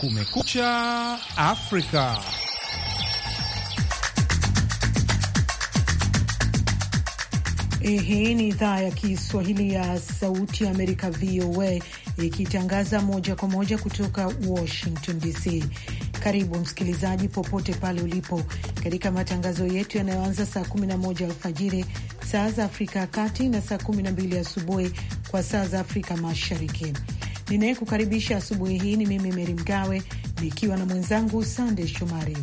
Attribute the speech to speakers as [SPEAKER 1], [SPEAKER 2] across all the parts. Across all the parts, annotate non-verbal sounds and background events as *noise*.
[SPEAKER 1] Kumekucha Afrika.
[SPEAKER 2] Hii ni idhaa ya Kiswahili ya Sauti ya Amerika, VOA, ikitangaza moja kwa moja kutoka Washington DC. Karibu msikilizaji, popote pale ulipo, katika matangazo yetu yanayoanza saa 11 alfajiri saa za Afrika ya Kati na saa 12 asubuhi kwa saa za Afrika Mashariki ninayekukaribisha asubuhi hii ni mimi Meri Mgawe nikiwa na mwenzangu Sande Shomari,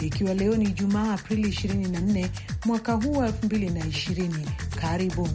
[SPEAKER 2] ikiwa leo ni Jumaa Aprili 24 mwaka huu wa 2020. Karibuni.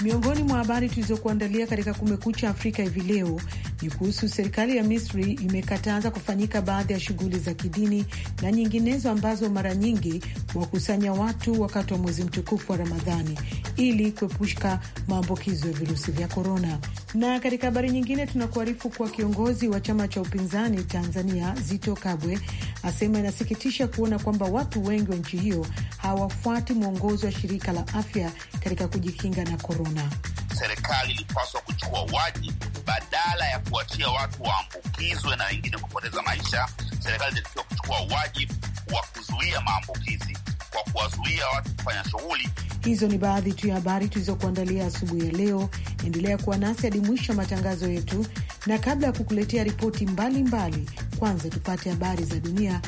[SPEAKER 2] Miongoni mwa habari tulizokuandalia katika Kumekucha Afrika hivi leo ni kuhusu serikali ya Misri imekataza kufanyika baadhi ya shughuli za kidini na nyinginezo ambazo mara nyingi wakusanya watu wakati wa mwezi mtukufu wa Ramadhani ili kuepushka maambukizo ya virusi vya korona. Na katika habari nyingine, tunakuarifu kuwa kiongozi wa chama cha upinzani Tanzania Zito Kabwe asema inasikitisha kuona kwamba watu wengi wa nchi hiyo hawafuati mwongozo wa shirika la afya katika kujikinga na korona.
[SPEAKER 3] Serikali ilipaswa kuchukua wajibu badala ya kuachia watu waambukizwe na wengine kupoteza maisha, serikali inatakiwa kuchukua wajibu wa kuzuia maambukizi kwa kuwazuia watu kufanya shughuli.
[SPEAKER 2] Hizo ni baadhi tu ya habari tulizokuandalia asubuhi ya leo. Endelea kuwa nasi hadi mwisho matangazo yetu, na kabla ya kukuletea ripoti mbalimbali, kwanza tupate habari za dunia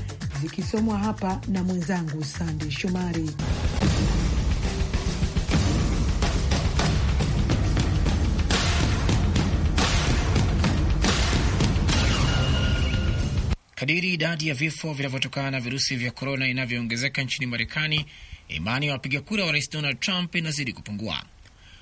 [SPEAKER 2] zikisomwa hapa na mwenzangu Sande Shomari.
[SPEAKER 4] Kadiri idadi ya vifo vinavyotokana na virusi vya korona inavyoongezeka nchini Marekani, imani ya wapiga kura wa rais Donald Trump inazidi kupungua.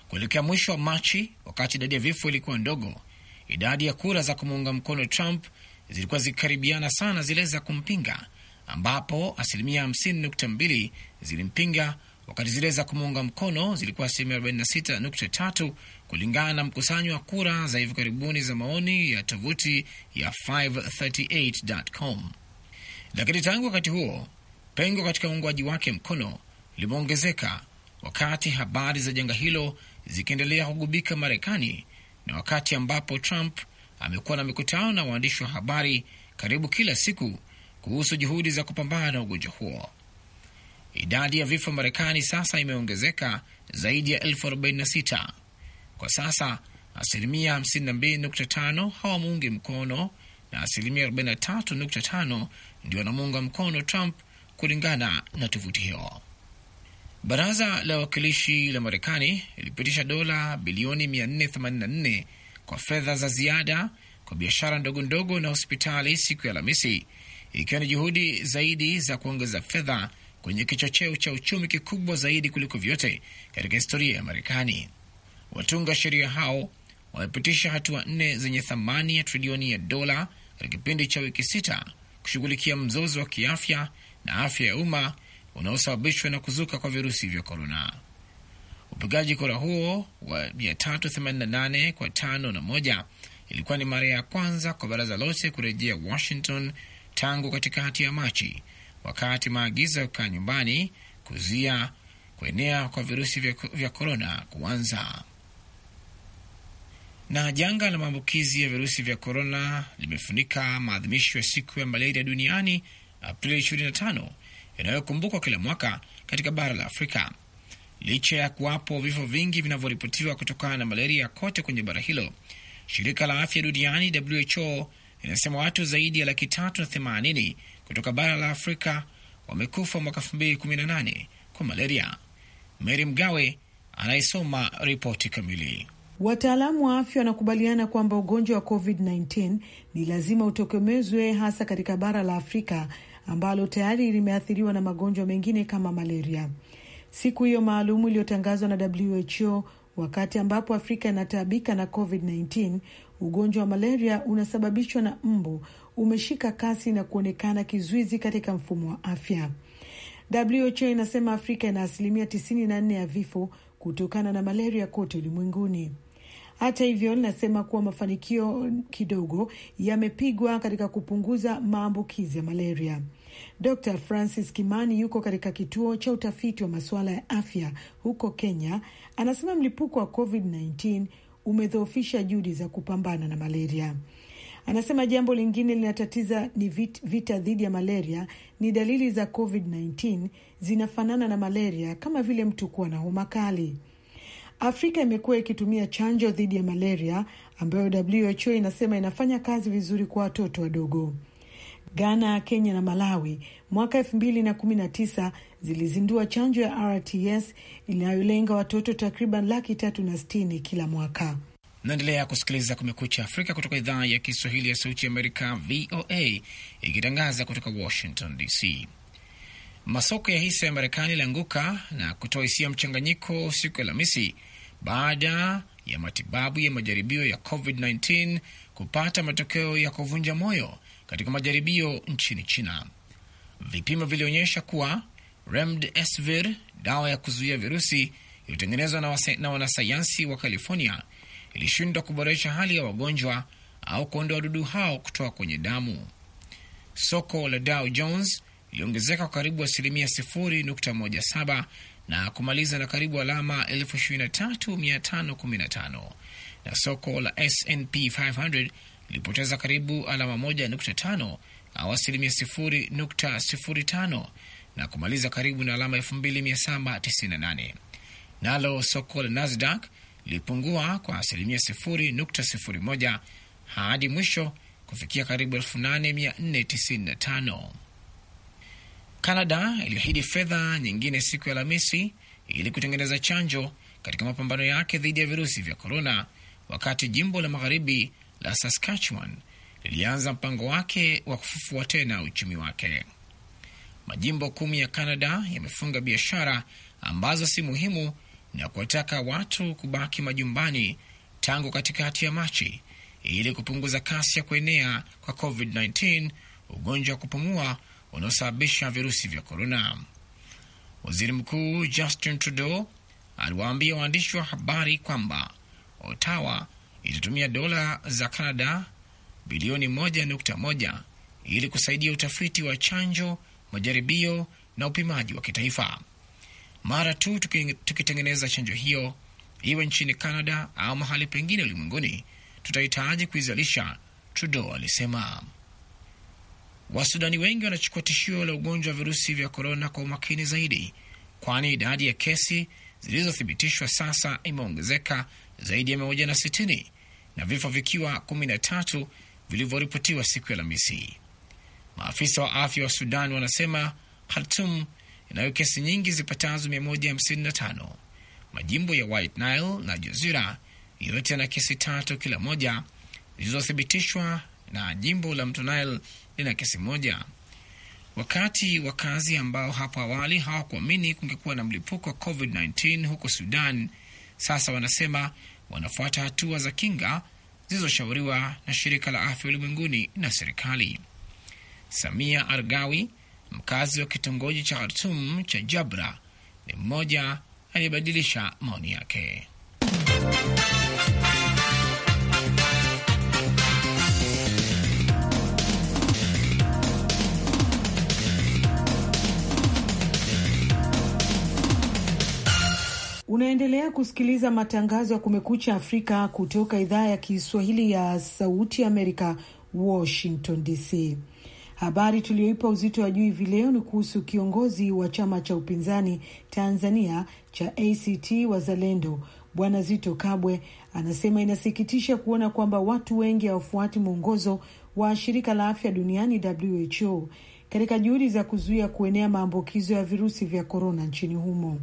[SPEAKER 4] Kuelekea mwisho wa Machi, wakati idadi ya vifo ilikuwa ndogo, idadi ya kura za kumuunga mkono Trump zilikuwa zikikaribiana sana zile za kumpinga, ambapo asilimia 50.2 zilimpinga wakati zile za kumuunga mkono zilikuwa asilimia 46.3 kulingana na mkusanyo wa kura za hivi karibuni za maoni ya tovuti ya 538.com. Lakini tangu wakati huo pengo katika uungwaji wake mkono limeongezeka, wakati habari za janga hilo zikiendelea kugubika Marekani na wakati ambapo Trump amekuwa na mikutano na waandishi wa habari karibu kila siku kuhusu juhudi za kupambana na ugonjwa huo. Idadi ya vifo Marekani sasa imeongezeka zaidi ya elfu 46. Kwa sasa asilimia 52.5 hawamuungi mkono na asilimia 43.5 ndio wanamuunga mkono Trump, kulingana na tovuti hiyo. Baraza la Wawakilishi la Marekani lilipitisha dola bilioni 484 kwa fedha za ziada kwa biashara ndogo ndogo na hospitali siku ya Alhamisi, ikiwa ni juhudi zaidi za kuongeza fedha kwenye kichocheo cha uchumi kikubwa zaidi kuliko vyote katika historia ya Marekani. Watunga sheria hao wamepitisha hatua nne zenye thamani ya trilioni ya dola katika kipindi cha wiki sita kushughulikia mzozo wa kiafya na afya ya umma unaosababishwa na kuzuka kwa virusi vya korona. Upigaji kura huo wa 388 kwa tano na moja ilikuwa ni mara ya kwanza kwa baraza lote kurejea Washington tangu katikati ya Machi wakati maagizo ya kukaa nyumbani kuzuia kuenea kwa virusi vya korona kuanza. Na janga la maambukizi ya virusi vya korona limefunika maadhimisho ya siku ya malaria duniani Aprili 25 yanayokumbukwa kila mwaka katika bara la Afrika. Licha ya kuwapo vifo vingi vinavyoripotiwa kutokana na malaria kote kwenye bara hilo, shirika la afya duniani WHO inasema watu zaidi ya laki tatu na themanini kutoka bara la Afrika wamekufa mwaka nane kwa malaria. Meri Mgawe anayesoma ripoti kamili.
[SPEAKER 2] Wataalamu wa afya wanakubaliana kwamba ugonjwa wa COVID-19 ni lazima utokomezwe, hasa katika bara la Afrika ambalo tayari limeathiriwa na magonjwa mengine kama malaria. Siku hiyo maalumu iliyotangazwa na WHO wakati ambapo Afrika inataabika na COVID-19 Ugonjwa wa malaria unasababishwa na mbu umeshika kasi na kuonekana kizuizi katika mfumo wa afya. WHO inasema Afrika ina asilimia 94 ya vifo kutokana na malaria kote ulimwenguni. Hata hivyo, linasema kuwa mafanikio kidogo yamepigwa katika kupunguza maambukizi ya malaria. Dr Francis Kimani yuko katika kituo cha utafiti wa masuala ya afya huko Kenya. Anasema mlipuko wa COVID-19 umedhoofisha juhudi za kupambana na malaria. Anasema jambo lingine linatatiza ni vita dhidi ya malaria. Ni dalili za COVID-19 zinafanana na malaria kama vile mtu kuwa na homa kali. Afrika imekuwa ikitumia chanjo dhidi ya malaria ambayo WHO inasema inafanya kazi vizuri kwa watoto wadogo. Ghana, Kenya na Malawi mwaka elfu mbili na kumi na tisa zilizindua chanjo ya RTS inayolenga watoto takriban laki tatu na sitini kila mwaka.
[SPEAKER 4] Naendelea kusikiliza Kumekucha Afrika kutoka idhaa ya Kiswahili ya Sauti Amerika, VOA, ikitangaza kutoka Washington DC. Masoko ya hisa ya Marekani ilianguka na kutoa hisia mchanganyiko siku ya Alhamisi baada ya matibabu ya majaribio ya COVID-19 kupata matokeo ya kuvunja moyo katika majaribio nchini China. Vipimo vilionyesha kuwa Remdesivir, dawa ya kuzuia virusi iliyotengenezwa na, na wanasayansi wa California, ilishindwa kuboresha hali ya wagonjwa au kuondoa wadudu hao kutoka kwenye damu. Soko la Dow Jones iliongezeka kwa karibu asilimia 0.17 na kumaliza na karibu alama 23515 na soko la SNP 500 ilipoteza karibu alama 1.5 au asilimia 0.05 na kumaliza karibu na alama 2798. Nalo soko la Nasdaq lilipungua kwa asilimia 0.01 hadi mwisho kufikia karibu 8495. Kanada iliahidi fedha nyingine siku ya Alhamisi ili kutengeneza chanjo katika mapambano yake dhidi ya virusi vya korona, wakati jimbo la magharibi la Saskatchewan lilianza mpango wake wa kufufua tena uchumi wake. Majimbo kumi ya canada yamefunga biashara ambazo si muhimu na kuwataka watu kubaki majumbani tangu katikati ya Machi ili kupunguza kasi ya kuenea kwa COVID-19, ugonjwa wa kupumua unaosababisha virusi vya korona. Waziri Mkuu Justin Trudeau aliwaambia waandishi wa habari kwamba Ottawa itatumia dola za Canada bilioni 1.1 ili kusaidia utafiti wa chanjo majaribio na upimaji wa kitaifa. Mara tu tukitengeneza chanjo hiyo, iwe nchini Canada au mahali pengine ulimwenguni, tutahitaji kuizalisha, Trudeau alisema. Wasudani wengi wanachukua tishio la ugonjwa wa virusi vya korona kwa umakini zaidi, kwani idadi ya kesi zilizothibitishwa sasa imeongezeka zaidi ya mia moja na sitini na vifo vikiwa kumi na tatu vilivyoripotiwa siku ya Alhamisi. Maafisa wa afya wa Sudan wanasema Khartum inayo kesi nyingi zipatazo 155 majimbo ya White Nile na Jazira yote yana kesi tatu kila moja zilizothibitishwa na jimbo la mto Nile lina kesi moja. Wakati wakazi ambao hapo awali hawakuamini kungekuwa na mlipuko wa COVID-19 huko Sudan sasa wanasema wanafuata hatua za kinga zilizoshauriwa na shirika la afya ulimwenguni na serikali. Samia Argawi, mkazi wa kitongoji cha Khartum cha Jabra, ni mmoja aliyebadilisha maoni yake.
[SPEAKER 2] Unaendelea kusikiliza matangazo ya Kumekucha Afrika kutoka idhaa ya Kiswahili ya Sauti Amerika, Washington DC. Habari tuliyoipa uzito wa juu hivi leo ni kuhusu kiongozi wa chama cha upinzani Tanzania cha ACT Wazalendo, Bwana Zito Kabwe anasema inasikitisha kuona kwamba watu wengi hawafuati mwongozo wa shirika la afya duniani WHO katika juhudi za kuzuia kuenea maambukizo ya virusi vya korona nchini humo.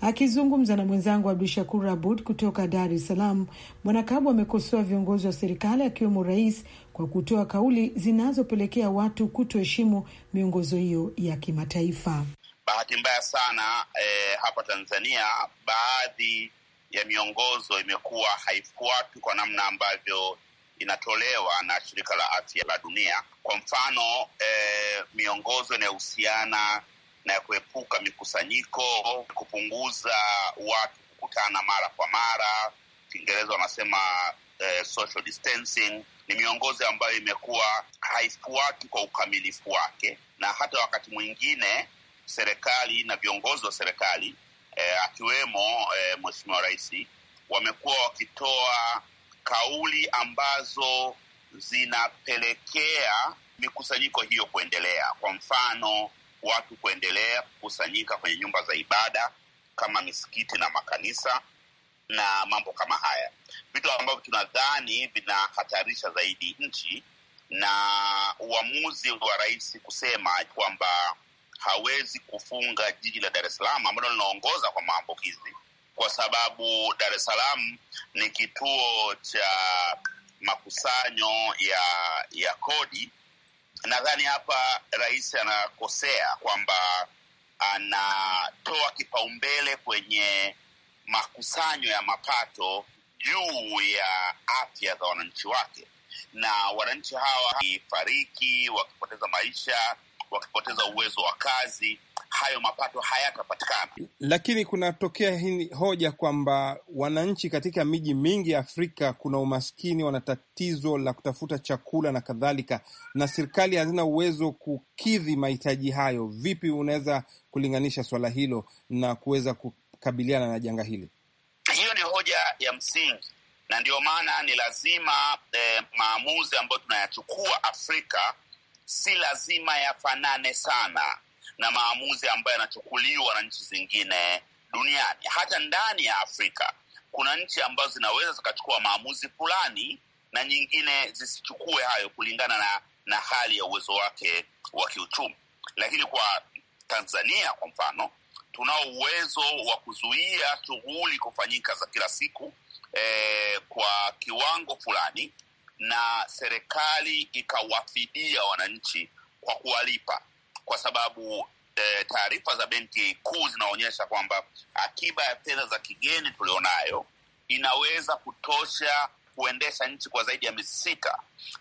[SPEAKER 2] Akizungumza na mwenzangu Abdu Shakur Abud kutoka Dar es Salaam, Bwana Kabwe amekosoa viongozi wa serikali akiwemo Rais kwa kutoa kauli zinazopelekea watu kutoheshimu miongozo hiyo ya kimataifa.
[SPEAKER 3] Bahati mbaya sana eh, hapa Tanzania baadhi ya miongozo imekuwa haifuatwi kwa namna ambavyo inatolewa na Shirika la Afya la Dunia. Kwa mfano eh, miongozo inayohusiana na ya kuepuka mikusanyiko, kupunguza watu kukutana mara kwa mara, Kiingereza wanasema eh, social distancing ni miongozo ambayo imekuwa haifuati kwa ukamilifu wake, na hata wakati mwingine serikali na viongozi wa serikali e, akiwemo e, Mheshimiwa Rais wamekuwa wakitoa kauli ambazo zinapelekea mikusanyiko hiyo kuendelea. Kwa mfano, watu kuendelea kukusanyika kwenye nyumba za ibada kama misikiti na makanisa, na mambo kama haya, vitu ambavyo tunadhani vinahatarisha zaidi nchi na uamuzi wa rais kusema kwamba hawezi kufunga jiji la Dar es Salaam ambalo linaongoza kwa maambukizi, kwa sababu Dar es Salaam ni kituo cha makusanyo ya ya kodi. Nadhani hapa rais anakosea kwamba anatoa kipaumbele kwenye makusanyo ya mapato juu ya afya za wananchi wake, na wananchi hawa wakifariki, wakipoteza maisha, wakipoteza uwezo wa kazi, hayo mapato hayatapatikana.
[SPEAKER 1] Lakini kunatokea hii hoja kwamba wananchi katika miji mingi ya Afrika kuna umaskini, wana tatizo la kutafuta chakula na kadhalika, na serikali hazina uwezo kukidhi mahitaji hayo. Vipi unaweza kulinganisha swala hilo na kuweza kukabiliana na janga hili?
[SPEAKER 3] Hiyo ni hoja ya msingi, na ndio maana ni lazima eh, maamuzi ambayo tunayachukua Afrika si lazima yafanane sana na maamuzi ambayo yanachukuliwa na nchi zingine duniani. Hata ndani ya Afrika kuna nchi ambazo zinaweza zikachukua maamuzi fulani na nyingine zisichukue hayo kulingana na, na hali ya uwezo wake wa kiuchumi. Lakini kwa Tanzania kwa mfano, tunao uwezo wa kuzuia shughuli kufanyika za kila siku eh, kwa kiwango fulani, na serikali ikawafidia wananchi kwa kuwalipa, kwa sababu eh, taarifa za benki kuu zinaonyesha kwamba akiba ya fedha za kigeni tulionayo inaweza kutosha kuendesha nchi kwa zaidi ya miezi sita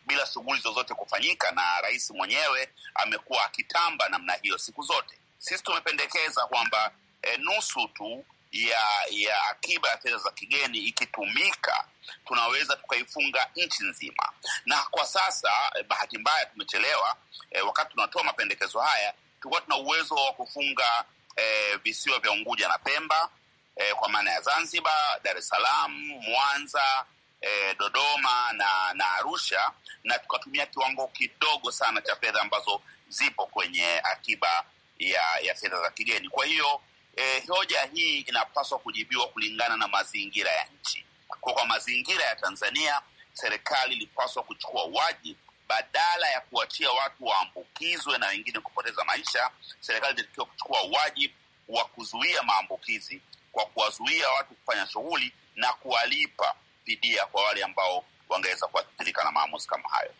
[SPEAKER 3] bila shughuli zozote kufanyika, na rais mwenyewe amekuwa akitamba namna hiyo siku zote. Sisi tumependekeza kwamba e, nusu tu ya ya akiba ya fedha za kigeni ikitumika tunaweza tukaifunga nchi nzima. Na kwa sasa eh, bahati mbaya tumechelewa. E, wakati tunatoa mapendekezo haya tulikuwa tuna uwezo wa kufunga e, visiwa vya Unguja na Pemba e, kwa maana ya Zanzibar, Dar es Salaam, Mwanza E, Dodoma na na Arusha na tukatumia kiwango kidogo sana cha fedha ambazo zipo kwenye akiba ya ya fedha za kigeni. Kwa hiyo eh, hoja hii inapaswa kujibiwa kulingana na mazingira ya nchi. Kwa, kwa mazingira ya Tanzania serikali ilipaswa kuchukua wajibu badala ya kuachia watu waambukizwe na wengine kupoteza maisha. Serikali ilitakiwa kuchukua wajibu wa kuzuia maambukizi kwa kuwazuia watu kufanya shughuli na kuwalipa fidia kwa wale ambao wangeweza kuathirika na maamuzi kama hayo.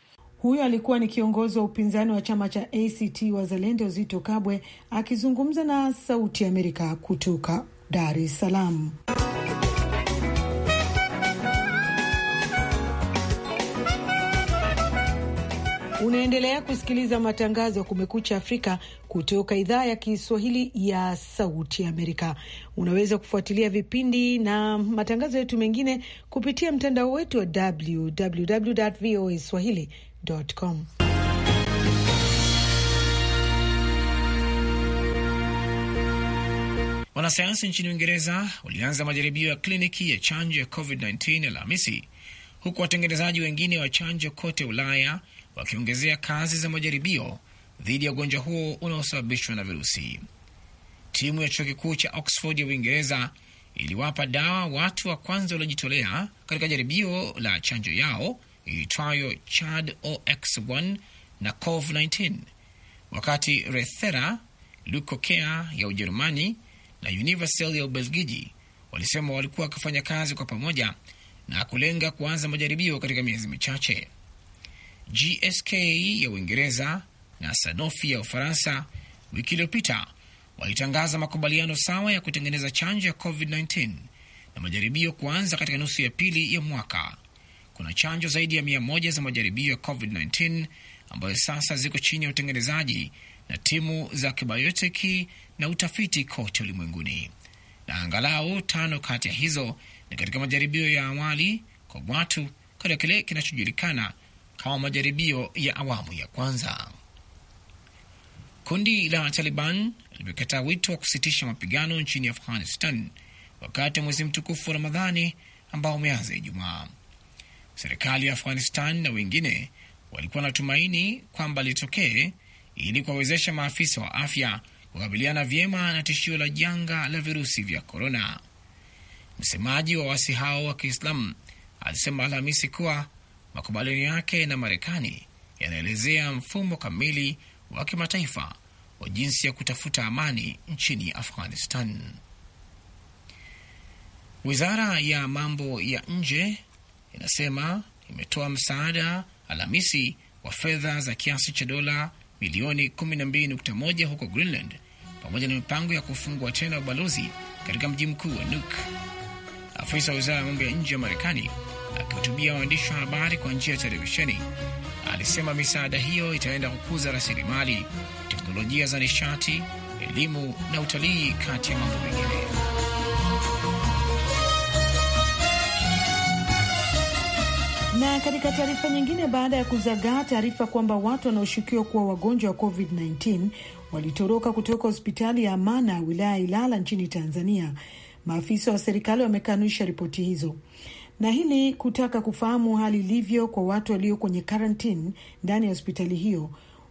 [SPEAKER 2] Huyo alikuwa ni kiongozi wa upinzani wa chama cha ACT Wazalendo Zito Kabwe akizungumza na Sauti ya Amerika kutoka Dar es Salaam. Unaendelea kusikiliza matangazo ya Kumekucha Afrika kutoka idhaa ya Kiswahili ya Sauti ya Amerika. Unaweza kufuatilia vipindi na matangazo yetu mengine kupitia mtandao wetu wa www voa swahili com.
[SPEAKER 4] Wanasayansi nchini Uingereza walianza majaribio ya kliniki ya chanjo ya COVID-19 Alhamisi, huku watengenezaji wengine wa chanjo kote Ulaya wakiongezea kazi za majaribio dhidi ya ugonjwa huo unaosababishwa na virusi. Timu ya chuo kikuu cha Oxford ya Uingereza iliwapa dawa watu wa kwanza waliojitolea katika jaribio la chanjo yao iitwayo Chad OX1 na Cov19, wakati Rethera Lukokea ya Ujerumani na Universal ya Ubelgiji walisema walikuwa wakifanya kazi kwa pamoja na kulenga kuanza majaribio katika miezi michache. GSK ya Uingereza na Sanofi ya Ufaransa wiki iliyopita walitangaza makubaliano sawa ya kutengeneza chanjo ya COVID-19 na majaribio kuanza katika nusu ya pili ya mwaka kuna chanjo zaidi ya mia moja za majaribio ya COVID-19 ambayo sasa ziko chini ya utengenezaji na timu za kibayoteki na utafiti kote ulimwenguni, na angalau tano kati ya hizo ni katika majaribio ya awali kwa watu katika kile kinachojulikana kama majaribio ya awamu ya kwanza. Kundi la Taliban limekataa wito wa kusitisha mapigano nchini Afghanistan wakati wa mwezi mtukufu wa Ramadhani ambao umeanza Ijumaa. Serikali ya Afghanistan na wengine walikuwa na tumaini kwamba litokee ili kuwawezesha maafisa wa afya kukabiliana vyema na tishio la janga la virusi vya korona. Msemaji wa wasi hao wa Kiislamu alisema Alhamisi kuwa makubaliano yake na Marekani yanaelezea mfumo kamili wa kimataifa wa jinsi ya kutafuta amani nchini Afghanistan. Wizara ya mambo ya nje inasema imetoa msaada Alhamisi wa fedha za kiasi cha dola milioni 12.1 huko Greenland, pamoja na mipango ya kufungwa tena ubalozi katika mji mkuu wa Nuuk. Afisa wa wizara ya mambo ya nje ya Marekani akihutubia waandishi wa habari kwa njia ya televisheni alisema misaada hiyo itaenda kukuza rasilimali, teknolojia za nishati, elimu na utalii, kati ya mambo mengine.
[SPEAKER 2] Na katika taarifa nyingine, baada ya kuzagaa taarifa kwamba watu wanaoshukiwa kuwa wagonjwa wa COVID-19 walitoroka kutoka hospitali ya Amana wilaya ya Ilala nchini Tanzania, maafisa wa serikali wamekanusha ripoti hizo na hili kutaka kufahamu hali ilivyo kwa watu walio kwenye karantini ndani ya hospitali hiyo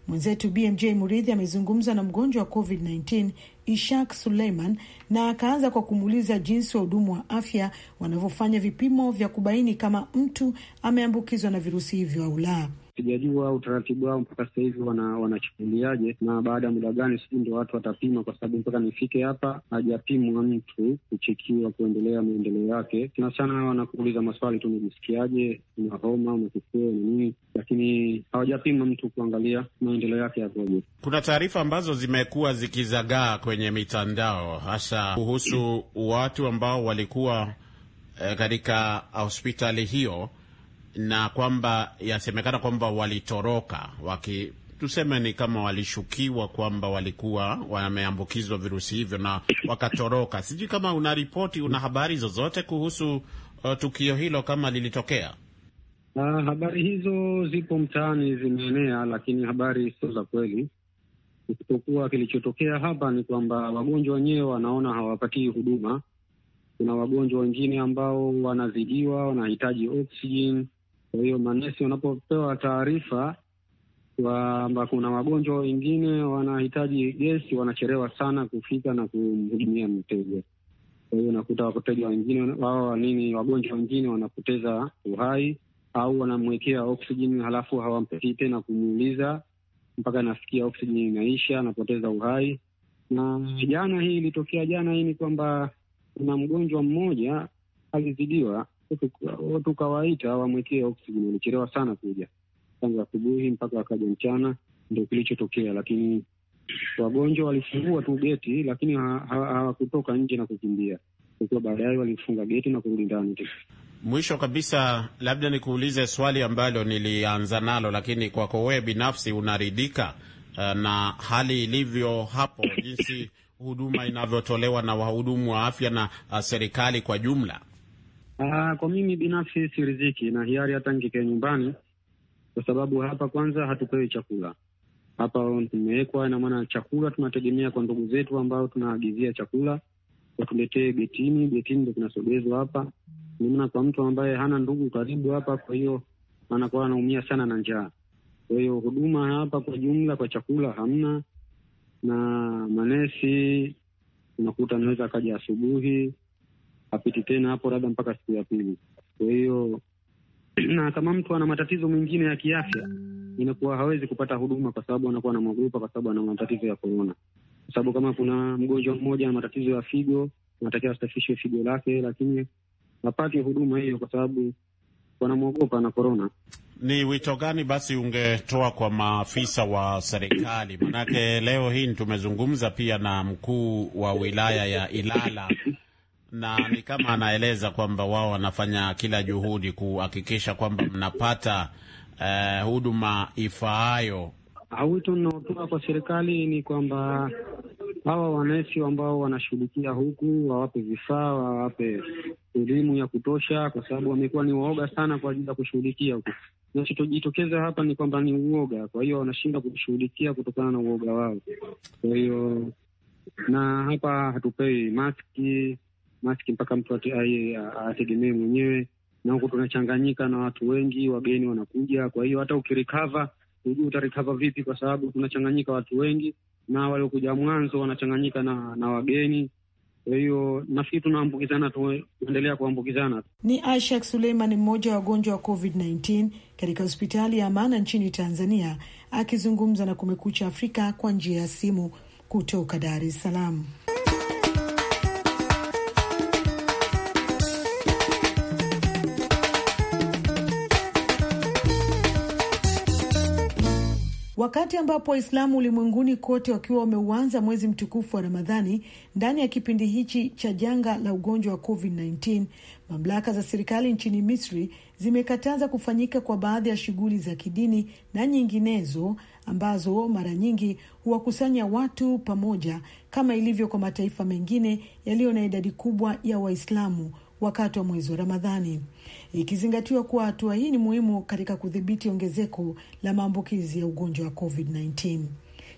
[SPEAKER 2] Mwenzetu BMJ Muridhi amezungumza na mgonjwa wa COVID-19 Ishak Suleiman na akaanza kwa kumuuliza jinsi wahudumu wa afya wanavyofanya vipimo vya kubaini kama mtu ameambukizwa na virusi hivyo au la.
[SPEAKER 5] Sijajua utaratibu wao mpaka sasa hivi wanachukuliaje, wana na baada ya muda gani, sijui ndo watu watapima, kwa sababu mpaka nifike hapa hajapimwa mtu kuchikiwa kuendelea maendeleo yake. Sana sana wanakuuliza maswali tu, umejisikiaje, una homa, una na nini, lakini hawajapima mtu kuangalia maendeleo yake yakoje.
[SPEAKER 6] Kuna taarifa ambazo zimekuwa zikizagaa kwenye mitandao, hasa kuhusu watu ambao walikuwa eh, katika hospitali hiyo na kwamba yasemekana kwamba walitoroka waki tuseme ni kama walishukiwa kwamba walikuwa wameambukizwa virusi hivyo na wakatoroka. Sijui kama una ripoti, una habari zozote kuhusu uh, tukio hilo kama lilitokea?
[SPEAKER 5] Uh, habari hizo zipo mtaani, zimeenea, lakini habari sio za kweli, isipokuwa kilichotokea hapa ni kwamba wagonjwa wenyewe wanaona hawapatii huduma. Kuna wagonjwa wengine ambao wanazidiwa, wanahitaji oksijeni kwa hiyo manesi wanapopewa taarifa kwamba kuna wagonjwa wengine wanahitaji gesi, wanachelewa sana kufika na kumhudumia mteja. Kwa hiyo unakuta wateja wengine wao nini, wagonjwa wengine wanapoteza uhai au wanamwekea oksijeni halafu hawampii tena kumuuliza mpaka anafikia oksijeni inaisha, anapoteza uhai. Na jana hii ilitokea, jana hii ni kwamba kuna mgonjwa mmoja alizidiwa watu kawaita wamwekee oksijeni, walichelewa sana kuja, tangu asubuhi mpaka wakaja mchana, ndo kilichotokea. Lakini wagonjwa walifungua tu geti, lakini hawakutoka ha, ha, nje na kukimbia, akiwa baadaye walifunga geti na kurudi ndani tena.
[SPEAKER 6] Mwisho kabisa, labda nikuulize swali ambalo nilianza nalo, lakini kwako wewe binafsi unaridhika eh, na hali ilivyo hapo, jinsi *laughs* huduma inavyotolewa na wahudumu wa afya na eh, serikali kwa jumla?
[SPEAKER 5] Uh, kwa mimi binafsi si riziki na hiari hata ngikaa nyumbani, kwa sababu hapa kwanza hatupewi chakula hapa tumewekwa, ina maana chakula tunategemea kwa ndugu zetu ambao tunaagizia chakula watuletee getini. Getini ndo kinasogezwa hapa, maana kwa mtu ambaye hana ndugu karibu hapa, kwa hiyo anakuwa anaumia sana na njaa. Kwa hiyo huduma hapa kwa jumla kwa chakula hamna, na manesi unakuta anaweza akaja asubuhi apiti tena hapo labda mpaka siku ya pili. Kwa hiyo *clears throat* na kama mtu ana matatizo mengine ya kiafya, inakuwa hawezi kupata huduma kwa sababu anakuwa anamwogopa, kwa sababu ana matatizo ya korona. Kwa sababu kama kuna mgonjwa mmoja ana matatizo ya figo, anatakiwa asafishwe figo lake, lakini hapati huduma hiyo kwa sababu wanamwogopa na korona.
[SPEAKER 6] Ni wito gani basi ungetoa kwa maafisa wa serikali? Manake leo hii tumezungumza pia na mkuu wa wilaya ya Ilala na ni kama anaeleza kwamba wao wanafanya kila juhudi kuhakikisha kwamba mnapata eh, huduma
[SPEAKER 5] ifaayo. Wito unaotoa kwa serikali ni kwamba hawa wanesi ambao wanashughulikia huku wawape vifaa, wawape elimu ya kutosha, kwa sababu wamekuwa ni waoga sana kwa ajili ya kushughulikia huku. Kinachojitokeza hapa ni kwamba ni uoga, kwa hiyo wanashindwa kushughulikia kutokana na uoga wao. Kwa hiyo na hapa hatupewi maski maski mpaka mtu ategemee mwenyewe, na huku tunachanganyika na watu wengi, wageni wanakuja. Kwa hiyo hata ukirikava hujui utarikava vipi, kwa sababu tunachanganyika watu wengi, na waliokuja mwanzo wanachanganyika na, na wageni kwa hiyo nafikiri tunaambukizana, tuendelea kuambukizana. Ni
[SPEAKER 2] aishak Suleiman, mmoja wa wagonjwa wa COVID-19 katika hospitali ya Amana nchini Tanzania, akizungumza na Kumekucha Afrika kwa njia ya simu kutoka Dar es Salaam. wakati ambapo Waislamu ulimwenguni kote wakiwa wameuanza mwezi mtukufu wa Ramadhani ndani ya kipindi hichi cha janga la ugonjwa wa COVID-19, mamlaka za serikali nchini Misri zimekataza kufanyika kwa baadhi ya shughuli za kidini na nyinginezo ambazo mara nyingi huwakusanya watu pamoja, kama ilivyo kwa mataifa mengine yaliyo na idadi kubwa ya Waislamu wakati wa mwezi wa Ramadhani, ikizingatiwa kuwa hatua hii ni muhimu katika kudhibiti ongezeko la maambukizi ya ugonjwa wa COVID-19.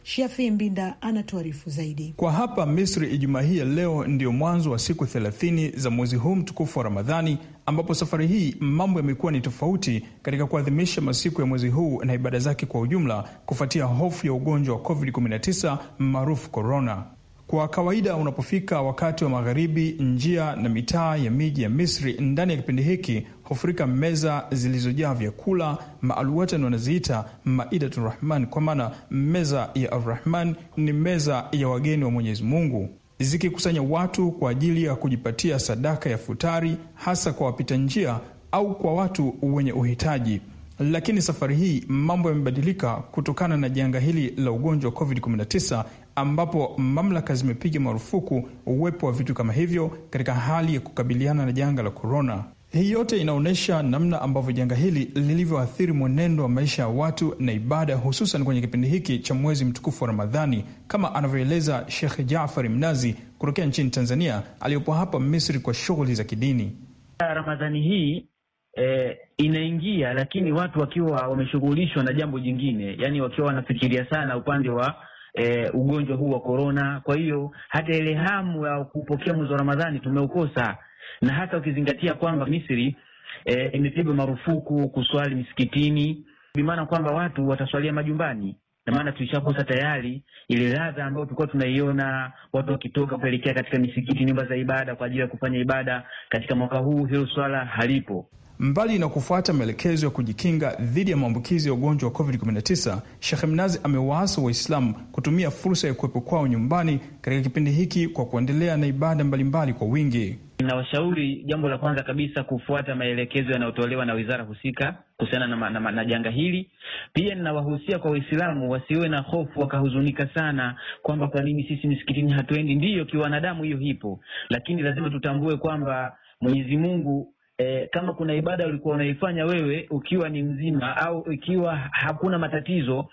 [SPEAKER 2] Shafi Mbinda anatuarifu zaidi.
[SPEAKER 1] Kwa hapa Misri, Ijumaa hii ya leo ndiyo mwanzo wa siku 30 za mwezi huu mtukufu wa Ramadhani, ambapo safari hii mambo yamekuwa ni tofauti katika kuadhimisha masiku ya mwezi huu na ibada zake kwa ujumla, kufuatia hofu ya ugonjwa wa COVID-19 maarufu korona. Kwa kawaida unapofika wakati wa magharibi, njia na mitaa ya miji ya Misri ndani ya kipindi hiki hufurika meza zilizojaa vyakula. maaluwatan wanaziita maidatun rahman, kwa maana meza ya Arrahman ni meza ya wageni wa Mwenyezi Mungu, zikikusanya watu kwa ajili ya kujipatia sadaka ya futari, hasa kwa wapita njia au kwa watu wenye uhitaji. Lakini safari hii mambo yamebadilika kutokana na janga hili la ugonjwa wa COVID-19 ambapo mamlaka zimepiga marufuku uwepo wa vitu kama hivyo katika hali ya kukabiliana na janga la korona. Hii yote inaonyesha namna ambavyo janga hili lilivyoathiri mwenendo wa maisha ya watu na ibada, hususan kwenye kipindi hiki cha mwezi mtukufu wa Ramadhani, kama anavyoeleza Shekh Jafari Mnazi kutokea nchini Tanzania, aliyopo hapa Misri kwa shughuli za kidini.
[SPEAKER 7] Ramadhani hii e, inaingia, lakini watu wakiwa wameshughulishwa na jambo jingine, yani wakiwa wanafikiria sana upande wa e, ugonjwa huu wa korona. Kwa hiyo hata ile hamu ya kupokea mwezi wa Ramadhani tumeukosa, na hata ukizingatia kwamba Misri e, imepigwa marufuku kuswali misikitini, bimaana kwamba watu wataswalia majumbani na maana tulishakosa tayari ile ladha ambayo tulikuwa tunaiona watu
[SPEAKER 1] wakitoka kuelekea katika misikiti, nyumba za ibada kwa ajili ya kufanya ibada. Katika mwaka huu hilo swala halipo. Mbali na kufuata maelekezo ya kujikinga dhidi ya maambukizi ya ugonjwa wa COVID-19, Shekh Mnazi amewaasa Waislamu kutumia fursa ya kuwepo kwao nyumbani katika kipindi hiki kwa kuendelea na ibada mbalimbali mbali kwa wingi.
[SPEAKER 7] Nawashauri jambo la kwanza kabisa kufuata maelekezo yanayotolewa na wizara husika kuhusiana na, na, na, janga hili. Pia ninawahusia kwa Waislamu wasiwe na hofu wakahuzunika sana kwamba kwa nini sisi misikitini hatuendi. Ndiyo, kiwanadamu hiyo hipo, lakini lazima tutambue kwamba Mwenyezi Mungu E, kama kuna ibada ulikuwa unaifanya wewe ukiwa ni mzima au ikiwa hakuna matatizo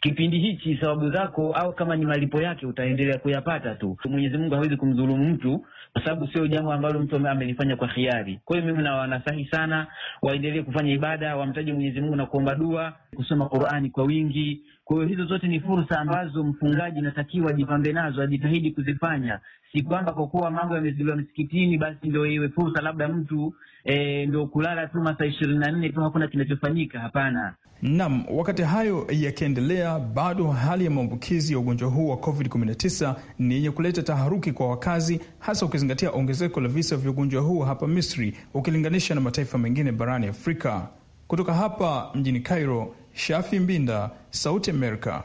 [SPEAKER 7] kipindi hichi sababu zako au kama ni malipo yake utaendelea kuyapata tu. Mwenyezi Mungu hawezi kumdhulumu mtu, kwa sababu sio jambo ambalo mtu amelifanya kwa hiari. Kwa hiyo mimi nawanasahi sana waendelee kufanya ibada, wamtaje Mwenyezi Mungu na kuomba dua, kusoma Qur'ani kwa wingi. Kwa hiyo hizo zote ni fursa ambazo mfungaji natakiwa ajipambe nazo, ajitahidi kuzifanya. Si kwamba kwa kuwa mambo yamezidiwa msikitini basi ndio iwe fursa labda mtu e,
[SPEAKER 1] ndio kulala tu masaa ishirini na nne tu hakuna kinachofanyika. Hapana. Naam, wakati hayo yakiendelea inaendelea, bado hali ya maambukizi ya ugonjwa huu wa COVID-19 ni yenye kuleta taharuki kwa wakazi, hasa ukizingatia ongezeko la visa vya ugonjwa huu hapa Misri ukilinganisha na mataifa mengine barani Afrika. Kutoka hapa mjini Cairo, Shafi Mbinda, Sauti Amerika.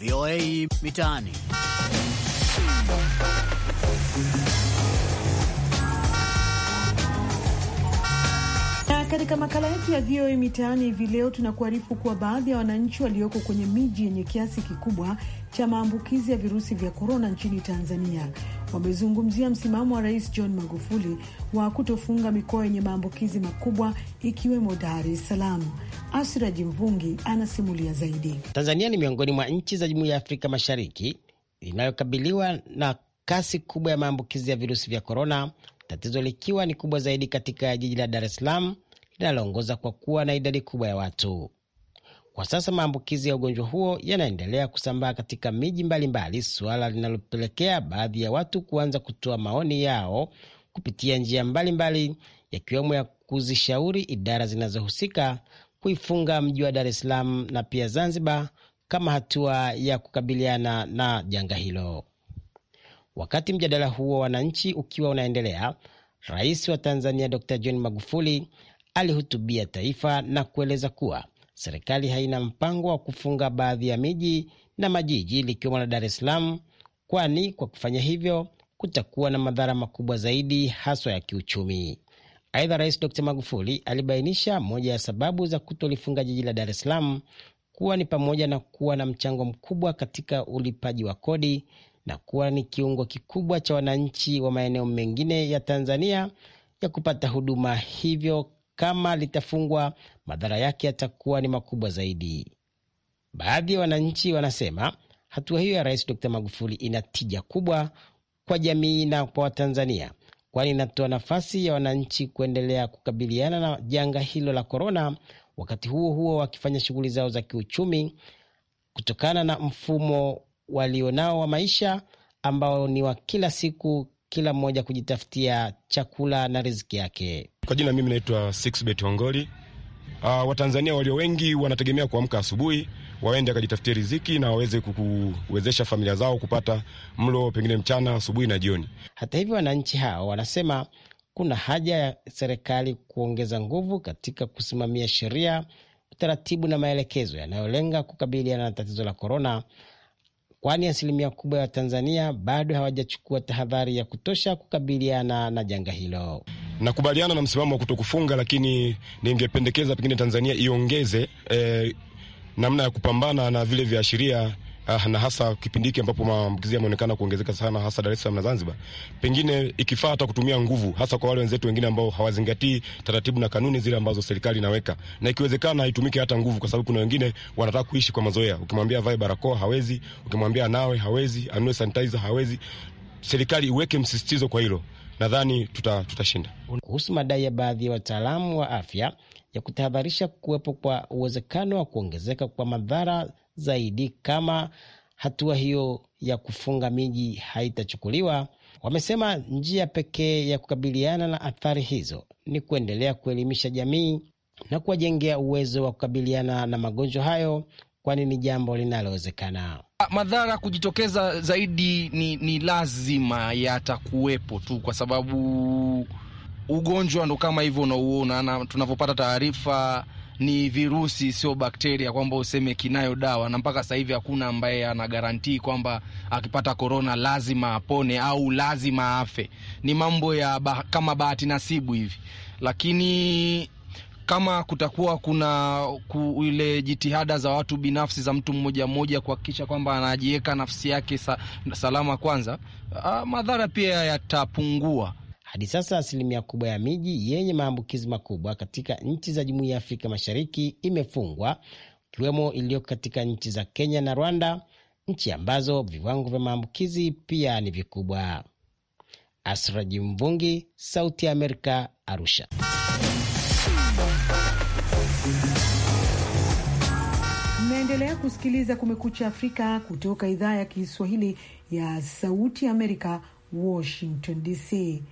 [SPEAKER 4] VOA Mitaani.
[SPEAKER 2] katika makala yetu ya VOA Mitaani hivi leo tunakuarifu kuwa baadhi ya wananchi walioko kwenye miji yenye kiasi kikubwa cha maambukizi ya virusi vya korona nchini Tanzania wamezungumzia msimamo wa Rais John Magufuli wa kutofunga mikoa yenye maambukizi makubwa ikiwemo Dar es Salaam. Asira Jimvungi anasimulia zaidi.
[SPEAKER 8] Tanzania ni miongoni mwa nchi za Jumuiya ya Afrika Mashariki inayokabiliwa na kasi kubwa ya maambukizi ya virusi vya korona, tatizo likiwa ni kubwa zaidi katika jiji la Dar es Salaam linaloongoza kwa kuwa na idadi kubwa ya watu. Kwa sasa maambukizi ya ugonjwa huo yanaendelea kusambaa katika miji mbalimbali, suala linalopelekea baadhi ya watu kuanza kutoa maoni yao kupitia njia mbalimbali, yakiwemo ya kuzishauri idara zinazohusika kuifunga mji wa Dar es Salaam na pia Zanzibar kama hatua ya kukabiliana na janga hilo. Wakati mjadala huo wananchi ukiwa unaendelea, Rais wa Tanzania Dr. John Magufuli alihutubia taifa na kueleza kuwa serikali haina mpango wa kufunga baadhi ya miji na majiji likiwemo la Dar es Salaam, kwani kwa kufanya hivyo kutakuwa na madhara makubwa zaidi haswa ya kiuchumi. Aidha, Rais Dr Magufuli alibainisha moja ya sababu za kutolifunga jiji la Dar es Salaam kuwa ni pamoja na kuwa na mchango mkubwa katika ulipaji wa kodi na kuwa ni kiungo kikubwa cha wananchi wa maeneo mengine ya Tanzania ya kupata huduma, hivyo kama litafungwa, madhara yake yatakuwa ni makubwa zaidi. Baadhi ya wananchi wanasema hatua hiyo ya Rais Dr Magufuli ina tija kubwa kwa jamii na kwa Watanzania, kwani inatoa nafasi ya wananchi kuendelea kukabiliana na janga hilo la korona, wakati huo huo wakifanya shughuli zao za kiuchumi kutokana na mfumo walionao wa maisha ambao ni wa kila siku, kila mmoja kujitafutia chakula na riziki yake.
[SPEAKER 1] Kwa jina mimi naitwa Sixbet Wangoli. Uh, Watanzania walio wengi wanategemea kuamka asubuhi waende akajitafutia riziki na waweze kuwezesha familia zao kupata mlo pengine mchana,
[SPEAKER 8] asubuhi na jioni. Hata hivyo, wananchi hao wanasema kuna haja ya serikali kuongeza nguvu katika kusimamia sheria, utaratibu na maelekezo yanayolenga kukabiliana na tatizo la korona, kwani asilimia kubwa ya Watanzania bado hawajachukua tahadhari ya kutosha kukabiliana na janga
[SPEAKER 1] hilo. Nakubaliana
[SPEAKER 8] na msimamo wa kutokufunga,
[SPEAKER 1] lakini ningependekeza pengine Tanzania iongeze eh, namna ya kupambana na vile viashiria ah, na hasa kipindi hiki ambapo maambukizi yameonekana kuongezeka sana hasa Dar es Salaam na Zanzibar, pengine ikifaa hata kutumia nguvu, hasa kwa wale wenzetu wengine ambao hawazingatii taratibu na kanuni zile ambazo serikali inaweka, na ikiwezekana itumike hata nguvu, kwa sababu kuna wengine wanataka kuishi kwa mazoea. Ukimwambia vae barakoa hawezi, ukimwambia nawe hawezi, anue sanitizer hawezi. Serikali iweke msisitizo kwa hilo nadhani tutashinda.
[SPEAKER 8] Tuta kuhusu madai ya baadhi ya wataalamu wa afya ya kutahadharisha kuwepo kwa uwezekano wa kuongezeka kwa madhara zaidi kama hatua hiyo ya kufunga miji haitachukuliwa. Wamesema njia pekee ya kukabiliana na athari hizo ni kuendelea kuelimisha jamii na kuwajengea uwezo wa kukabiliana na magonjwa hayo, kwani ni jambo linalowezekana.
[SPEAKER 4] Ah, madhara kujitokeza zaidi ni, ni lazima yatakuwepo tu, kwa sababu ugonjwa ndo kama hivyo unauona, na tunavyopata taarifa ni virusi, sio bakteria, kwamba useme kinayo dawa, na mpaka sasa hivi hakuna ambaye ana garantii kwamba akipata korona lazima apone au lazima afe. Ni mambo ya ba, kama bahati nasibu hivi, lakini kama kutakuwa kuna ku, ile jitihada za watu binafsi za mtu mmoja mmoja kuhakikisha kwamba anajiweka nafsi yake sa, salama kwanza, a,
[SPEAKER 8] ah, madhara pia yatapungua. Hadi sasa asilimia kubwa ya miji yenye maambukizi makubwa katika nchi za Jumuiya ya Afrika Mashariki imefungwa ikiwemo iliyoko katika nchi za Kenya na Rwanda, nchi ambazo viwango vya maambukizi pia ni vikubwa. Asraji Mvungi, Sauti ya Amerika, Arusha.
[SPEAKER 2] Unaendelea kusikiliza Kumekucha Afrika kutoka idhaa ya Kiswahili ya Sauti Amerika, Washington DC,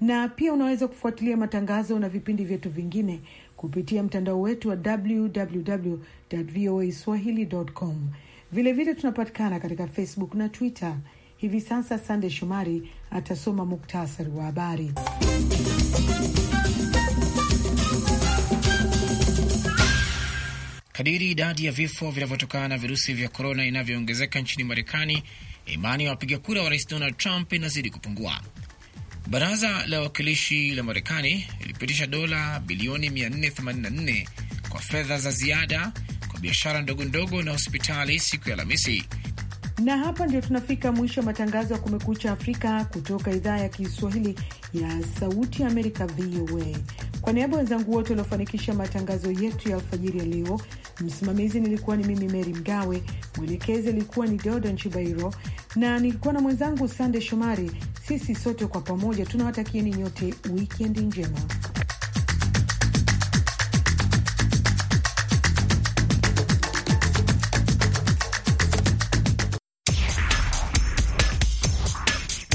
[SPEAKER 2] na pia unaweza kufuatilia matangazo na vipindi vyetu vingine kupitia mtandao wetu wa www voa swahili.com. Vilevile tunapatikana katika Facebook na Twitter. Hivi sasa Sande Shomari atasoma muktasari wa habari.
[SPEAKER 4] Kadiri idadi ya vifo vinavyotokana na virusi vya korona inavyoongezeka nchini Marekani, imani ya wapiga kura wa rais Donald Trump inazidi kupungua. Baraza la Wawakilishi la Marekani lilipitisha dola bilioni 484 kwa fedha za ziada kwa biashara ndogo ndogo na hospitali siku ya Alhamisi.
[SPEAKER 2] Na hapa ndio tunafika mwisho wa matangazo ya Kumekucha Afrika kutoka idhaa ya Kiswahili ya Sauti ya Amerika, VOA. Kwa niaba wenzangu wote waliofanikisha matangazo yetu ya alfajiri ya leo, msimamizi nilikuwa ni mimi Meri Mgawe, mwelekezi alikuwa ni Deoda Nchibairo na nilikuwa na mwenzangu Sande Shomari. Sisi sote kwa pamoja tunawatakieni nyote wikendi njema.